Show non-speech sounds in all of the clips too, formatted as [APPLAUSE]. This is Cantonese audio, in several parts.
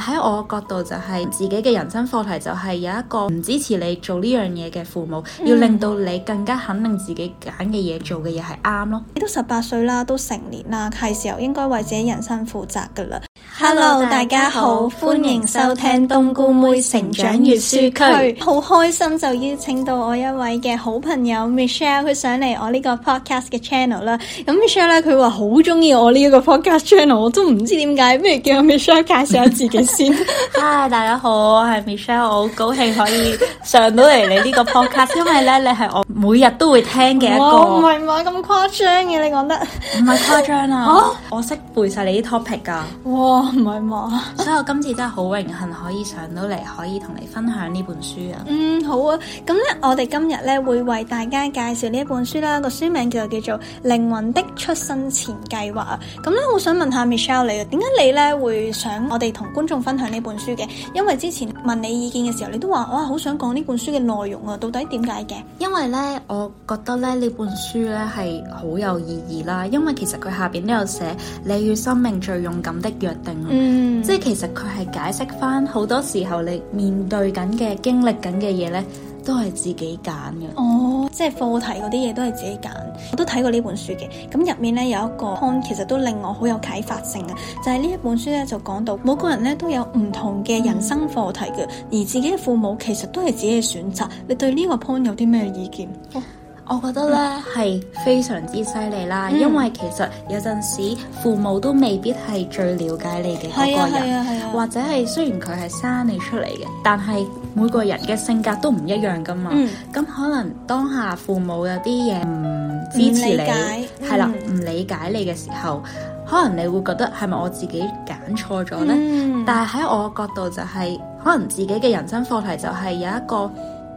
喺我嘅角度就係、是、自己嘅人生課題就係有一個唔支持你做呢樣嘢嘅父母，嗯、要令到你更加肯定自己揀嘅嘢做嘅嘢係啱咯。你都十八歲啦，都成年啦，係時候應該為自己人生負責噶啦。Hello，大家好，家好歡迎收聽冬菇妹成長閱書區，好、嗯、開心就邀請到我一位嘅好朋友 Michelle，佢上嚟我個、嗯、呢我個 podcast 嘅 channel 啦。咁 Michelle 咧，佢話好中意我呢一個 podcast channel，我都唔知點解，不如叫 Michelle 介紹下自己。 [LAUGHS] Hi，大家好，我係 Michelle，我好高興可以上到嚟你呢個 podcast，因為咧，你係我。每日都會聽嘅一個，唔係嘛？咁誇張嘅你講得，唔係誇張啊！啊啊我識背晒你啲 topic 㗎。哇，唔係嘛？所以我今次真係好榮幸可以上到嚟，可以同你分享呢本書啊。嗯，好啊。咁咧，我哋今日咧會為大家介紹呢本書啦。個書名就叫，叫做《靈魂的出生前計劃》啊。咁咧，我想問下 Michelle 你啊，點解你咧會想我哋同觀眾分享呢本書嘅？因為之前問你意見嘅時候，你都話我好想講呢本書嘅內容啊。到底點解嘅？因為咧。我覺得咧呢本書咧係好有意義啦，因為其實佢下面都有寫你與生命最勇敢的約定，即係、嗯、其實佢係解釋返好多時候你面對緊嘅經歷緊嘅嘢咧。都係自己揀嘅，哦，oh, 即係課題嗰啲嘢都係自己揀。我都睇過呢本書嘅，咁入面呢有一個 point，其實都令我好有啟發性呀，就係、是、呢一本書呢，就講到每個人呢都有唔同嘅人生課題嘅，而自己嘅父母其實都係自己嘅選擇。你對呢個 point 有啲咩意見？ [LAUGHS] 我覺得咧係非常之犀利啦，嗯、因為其實有陣時父母都未必係最了解你嘅嗰個人，啊啊啊、或者係雖然佢係生你出嚟嘅，但係每個人嘅性格都唔一樣噶嘛。咁、嗯、可能當下父母有啲嘢唔支持你，係、嗯、啦，唔理解你嘅時候，嗯、可能你會覺得係咪我自己揀錯咗呢？嗯、但係喺我角度就係、是，可能自己嘅人生課題就係有一個。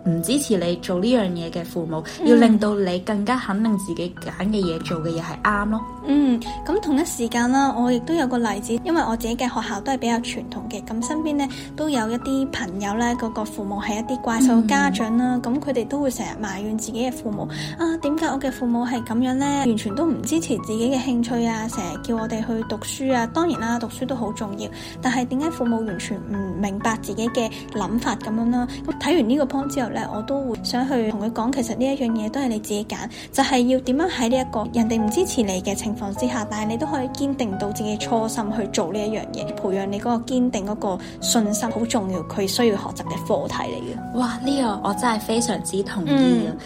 唔支持你做呢樣嘢嘅父母，嗯、要令到你更加肯定自己揀嘅嘢做嘅嘢係啱咯。嗯，咁同一時間啦，我亦都有個例子，因為我自己嘅學校都係比較傳統嘅，咁身邊咧都有一啲朋友咧，個、嗰個父母係一啲怪獸家長啦，咁佢哋都會成日埋怨自己嘅父母啊，點解我嘅父母係咁樣咧？完全都唔支持自己嘅興趣啊，成日叫我哋去讀書啊。當然啦，讀書都好重要，但係點解父母完全唔明白自己嘅諗法咁樣啦？咁睇完呢個 point 之後。我都會想去同佢講，其實呢一樣嘢都係你自己揀，就係、是、要點樣喺呢一個人哋唔支持你嘅情況之下，但係你都可以堅定到自己初心去做呢一樣嘢，培養你嗰個堅定嗰個信心，好重要。佢需要學習嘅課題嚟嘅。哇！呢、這個我真係非常之同意。嗯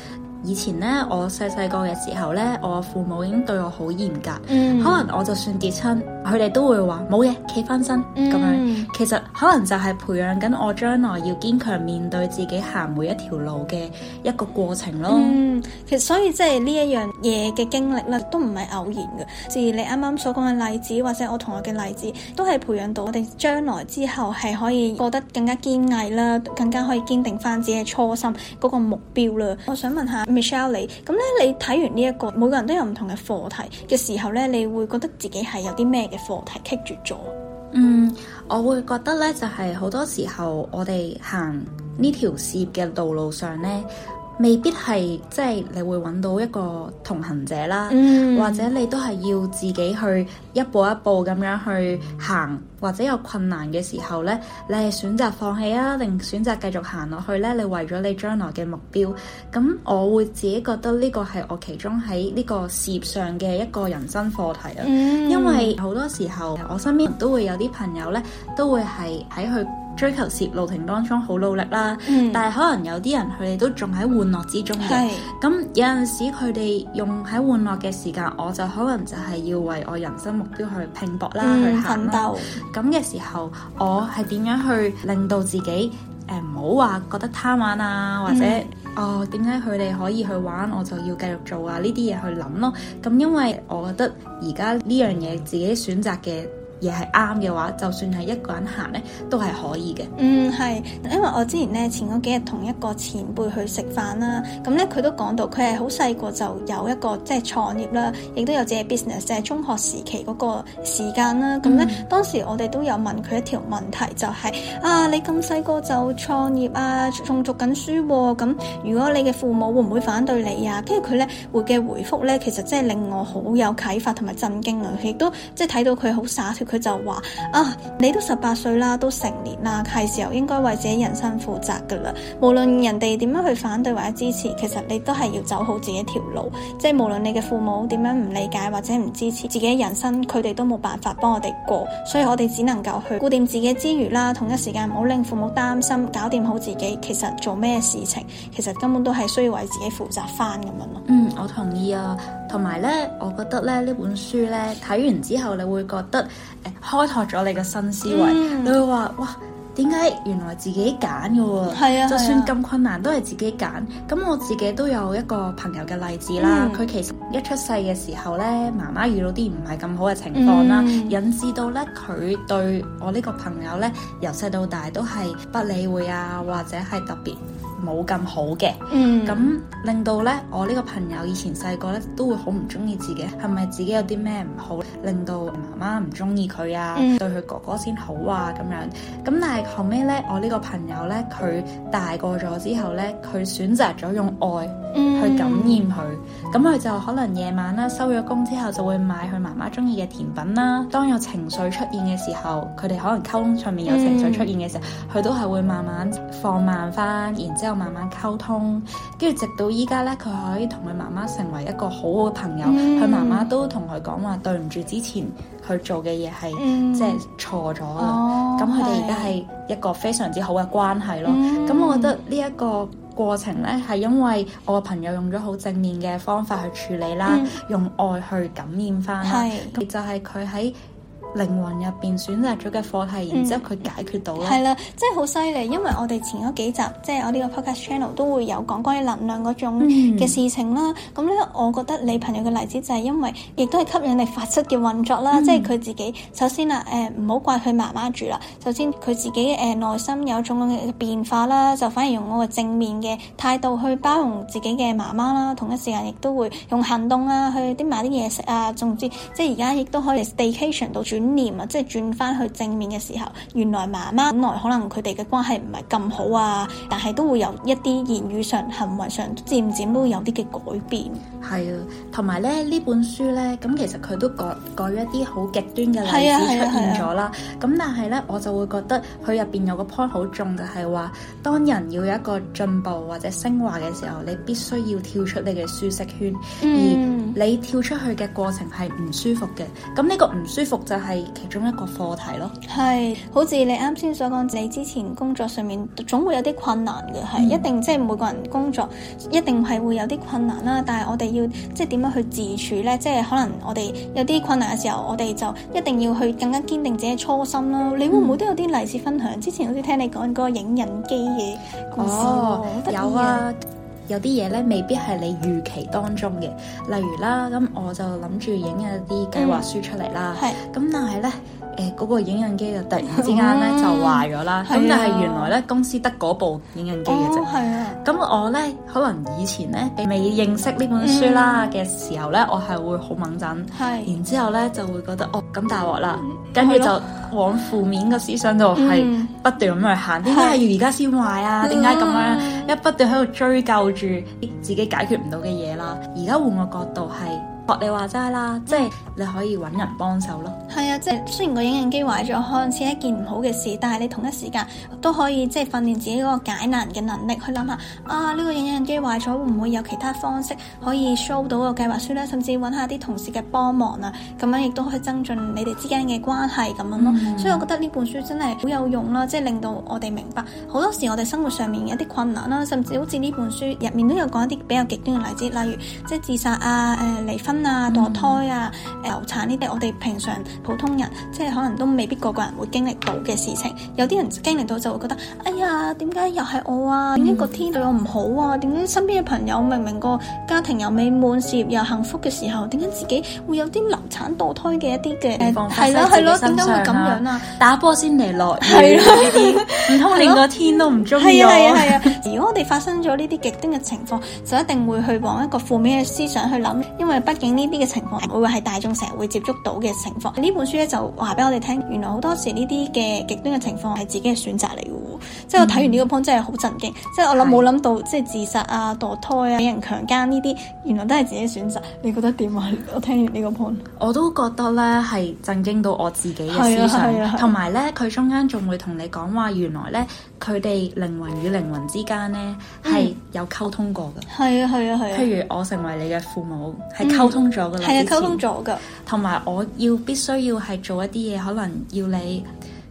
以前咧，我細細個嘅時候咧，我父母已經對我好嚴格。嗯、可能我就算跌親，佢哋都會話冇嘢，企翻身咁、嗯、樣，其實可能就係培養緊我將來要堅強面對自己行每一條路嘅一個過程咯。嗯，其實，所以即係呢一樣嘢嘅經歷咧，都唔係偶然嘅。正如你啱啱所講嘅例子，或者我同學嘅例子，都係培養到我哋將來之後係可以過得更加堅毅啦，更加可以堅定翻自己嘅初心嗰個目標啦。我想問下。Michelle，你咁咧，你睇完呢、這、一個，每個人都有唔同嘅課題嘅時候咧，你會覺得自己係有啲咩嘅課題棘住咗？嗯，我會覺得咧，就係、是、好多時候我哋行呢條事業嘅道路上咧。未必係，即係你會揾到一個同行者啦，嗯、或者你都係要自己去一步一步咁樣去行，或者有困難嘅時候呢，你係選擇放棄啊，定選擇繼續行落去呢？你為咗你將來嘅目標，咁我會自己覺得呢個係我其中喺呢個事業上嘅一個人生課題啊，嗯、因為好多時候我身邊都會有啲朋友呢，都會係喺佢。追求事業路程當中好努力啦，嗯、但係可能有啲人佢哋都仲喺玩樂之中嘅，咁是有陣時佢哋用喺玩樂嘅時間，我就可能就係要為我人生目標去拼搏啦，嗯、去奮鬥。咁嘅斗時候，我係點樣去令到自己誒唔好話覺得貪玩啊，嗯、或者哦點解佢哋可以去玩，我就要繼續做啊呢啲嘢去諗咯。咁因為我覺得而家呢樣嘢自己選擇嘅。嘢係啱嘅話，就算係一個人行咧，都係可以嘅。嗯，係，因為我之前咧前嗰幾日同一個前輩去食飯啦，咁咧佢都講到，佢係好細個就有一個即係創業啦，亦都有自己 business，即係中學時期嗰個時間啦。咁咧、嗯、當時我哋都有問佢一條問題，就係，啊、就係啊你咁細個就創業啊，仲讀緊書喎、啊，咁如果你嘅父母會唔會反對你啊？跟住佢咧會嘅回覆咧，其實真係令我好有啟發同埋震驚啊！亦都即係睇到佢好灑脱。佢就話啊，你都十八歲啦，都成年啦，係時候應該為自己人生負責噶啦。無論人哋點樣去反對或者支持，其實你都係要走好自己一條路。即係無論你嘅父母點樣唔理解或者唔支持自己人生，佢哋都冇辦法幫我哋過，所以我哋只能夠去顧掂自己之餘啦，同一時間唔好令父母擔心，搞掂好自己。其實做咩事情，其實根本都係需要為自己負責翻嘅嘛。嗯，我同意啊。同埋咧，我覺得咧呢本書咧睇完之後，你會覺得誒、呃、開拓咗你嘅新思維，嗯、你會話哇點解原來自己揀嘅喎？嗯、係啊，就算咁困難都係自己揀。咁我自己都有一個朋友嘅例子啦。佢、嗯、其實一出世嘅時候咧，媽媽遇到啲唔係咁好嘅情況啦，嗯、引致到咧佢對我呢個朋友咧，由細到大都係不理會啊，或者係特別。冇咁好嘅，咁、嗯、令到咧，我呢個朋友以前細個咧都會好唔中意自己，係咪自己有啲咩唔好，令到媽媽唔中意佢啊，嗯、對佢哥哥先好啊咁樣。咁但係後尾咧，我呢個朋友咧，佢大個咗之後咧，佢選擇咗用愛去感染佢，咁佢、嗯、就可能夜晚啦收咗工之後就會買佢媽媽中意嘅甜品啦。當有情緒出現嘅時候，佢哋可能溝通上面有情緒出現嘅時候，佢、嗯、都係會慢慢放慢翻，然之又慢慢溝通，跟住直到依家呢，佢可以同佢媽媽成為一個好好嘅朋友。佢、嗯、媽媽都同佢講話，對唔住之前去做嘅嘢係即係錯咗啦。咁佢哋而家係一個非常之好嘅關係咯。咁、嗯、我覺得呢一個過程呢，係因為我嘅朋友用咗好正面嘅方法去處理啦，嗯、用愛去感染翻。係是，就係佢喺靈魂入邊選擇咗嘅課題，然之後佢解決到咯。係啦、嗯，真係好犀利，因為我哋前嗰幾集，即係我呢個 podcast channel 都會有講關於能量嗰種嘅事情啦。咁咧、嗯，我覺得你朋友嘅例子就係因為，亦都係吸引力法則嘅運作啦。嗯、即係佢自己首先啦，誒唔好怪佢媽媽住啦。首先佢自己誒、呃、內心有種嘅變化啦，就反而用我個正面嘅態度去包容自己嘅媽媽啦。同一時間亦都會用行動啊，去啲買啲嘢食啊，總之，即係而家亦都可以 staycation 到住。轉念啊，即係轉翻去正面嘅時候，原來媽媽原來可能佢哋嘅關係唔係咁好啊，但係都會有一啲言語上、行為上，漸漸都會有啲嘅改變。係啊，同埋咧呢本書咧，咁其實佢都改改咗一啲好極端嘅例子出現咗啦。咁但係咧，我就會覺得佢入邊有個 point 好重，就係、是、話，當人要有一個進步或者升華嘅時候，你必須要跳出你嘅舒適圈，嗯、而你跳出去嘅過程係唔舒服嘅。咁呢個唔舒服就係、是。係其中一個課題咯，係好似你啱先所講，你之前工作上面總會有啲困難嘅，係、嗯、一定即係每個人工作一定係會有啲困難啦。但係我哋要即係點樣去自處呢？即係可能我哋有啲困難嘅時候，我哋就一定要去更加堅定自己初心咯。嗯、你會唔會都有啲例子分享？之前好似聽你講嗰、嗰個影印機嘅故事，哦，有，有啊。有啲嘢咧，未必係你預期當中嘅，例如啦，咁我就諗住影一啲計劃書出嚟啦，咁、嗯、但係咧，誒、呃、嗰、那個影印機就突然之間咧、嗯、就壞咗啦，咁、嗯、但係原來咧公司得嗰部影印機嘅啫，咁、哦啊、我咧可能以前咧未認識呢本書啦嘅、嗯、時候咧，我係會好掹陣，是然之後咧就會覺得哦咁大鑊啦，跟住就。往負面嘅思想度係不斷咁樣去行，點解要而家先壞啊？點解咁樣、啊、一不斷喺度追究住自己解決唔到嘅嘢啦？而家換個角度係。學你話齋啦，即係你可以揾人幫手咯。係啊，即係雖然個影印機壞咗看似一件唔好嘅事，但係你同一時間都可以即係訓練自己嗰個解難嘅能力，去諗下啊，呢個影印機壞咗會唔會有其他方式可以 show 到個計劃書呢？甚至揾下啲同事嘅幫忙啊，咁樣亦都可以增進你哋之間嘅關係咁樣咯。嗯、所以我覺得呢本書真係好有用啦，即係令到我哋明白好多時我哋生活上面有啲困難啦，甚至好似呢本書入面都有講一啲比較極端嘅例子，例如即係自殺啊、誒、呃、離婚。啊、嗯、墮胎啊，流產呢啲，我哋平常普通人即係可能都未必個個人會經歷到嘅事情。有啲人經歷到就會覺得，哎呀，點解又係我啊？點解、嗯、個天對我唔好啊？點解身邊嘅朋友明明個家庭又美滿、事業又幸福嘅時候，點解自己會有啲流產墮胎嘅一啲嘅？係咯，係咯，點解會咁樣啊？打波先嚟落，係咯，呢啲唔通連個天都唔中意我？係 [LAUGHS] 啊係啊係啊，啊，啊！如果我哋發生咗呢啲極端嘅情況， [LAUGHS] 就一定會去往一個負面嘅思想去諗，因為畢竟。呢啲嘅情況唔會係大眾成日會接觸到嘅情況，呢本書咧就話俾我哋聽，原來好多時呢啲嘅極端嘅情況係自己嘅選擇嚟嘅，即係我睇完呢個 point、嗯、真係好震驚，是即係我諗冇諗到，即係自殺啊、墮胎啊、俾人強姦呢啲，原來都係自己選擇。你覺得點啊？我聽完呢個 point，我都覺得咧係震驚到我自己嘅思想，同埋咧佢中間仲會同你講話，原來咧佢哋靈魂與靈魂之間咧係。有溝通過嘅，係啊，係啊，係啊。譬如我成為你嘅父母，係溝通咗㗎啦，係啊，溝通咗㗎，同埋我要必須要係做一啲嘢，可能要你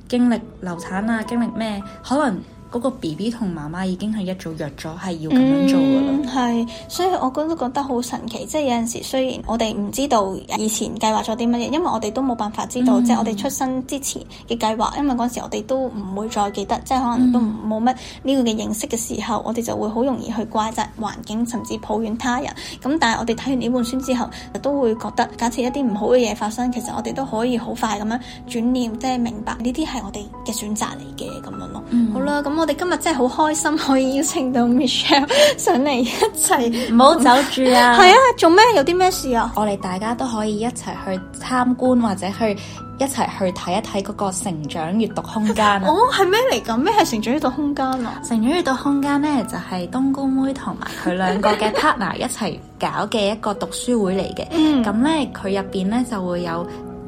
經歷流產啊，經歷咩，可能。嗰個 B B 同媽媽已經係一早約咗，係要咁樣做噶啦。係、嗯，所以我覺得覺得好神奇，即係有陣時雖然我哋唔知道以前計劃咗啲乜嘢，因為我哋都冇辦法知道，即係、嗯、我哋出生之前嘅計劃，因為嗰陣時我哋都唔會再記得，即係可能都冇乜呢個嘅認識嘅時候，嗯、我哋就會好容易去怪責環境，甚至抱怨他人。咁但係我哋睇完呢本書之後，都會覺得假設一啲唔好嘅嘢發生，其實我哋都可以好快咁樣轉念，即係明白呢啲係我哋嘅選擇嚟嘅咁樣咯。嗯、好啦，咁、嗯、我。我哋今日真係好開心，可以邀請到 Michelle 上嚟一齊，唔好走住啊！係 [LAUGHS] 啊，做咩？有啲咩事啊？我哋大家都可以一齊去參觀，或者去一齊去睇一睇嗰個成長悅讀空間。 [LAUGHS] 哦，係咩嚟噶？咩係成長悅讀空間啊？ [LAUGHS] 成長悅讀空間咧，就係、是、冬菇妹同埋佢兩個嘅 partner 一齊搞嘅一個讀書會嚟嘅。咁咧， [LAUGHS] 佢入邊咧就會有。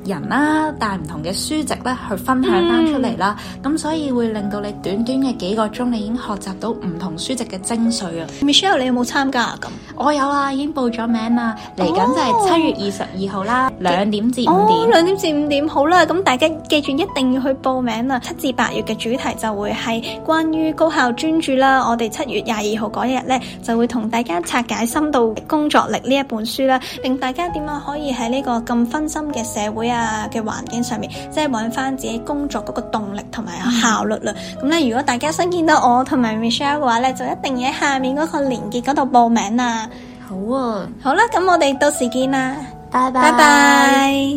人啦，帶唔同嘅書籍咧，去分享翻出嚟啦。咁、嗯、所以會令到你短短嘅幾個鐘，你已經學習到唔同書籍嘅精髓啊。Michelle，你有冇參加啊？咁我有啊，已經報咗名啦。嚟緊就係七月二十二號啦，oh, 兩點至五點。oh, 兩點至五點好啦，咁大家記住一定要去報名啦。七至八月嘅主題就會係關於高效專注啦。我哋七月廿二號嗰一日咧，就會同大家拆解《深度工作力》呢一本書啦，令大家點樣可以喺呢個咁分心嘅社會啊。啊嘅環境上面，即係揾翻自己工作嗰個動力同埋效率啦。咁咧、嗯，如果大家想見到我同埋 Michelle 嘅話咧，就一定要喺下面嗰個連結嗰度報名啦。好啊，好啦，咁我哋到時見啦，拜拜 bye。Bye bye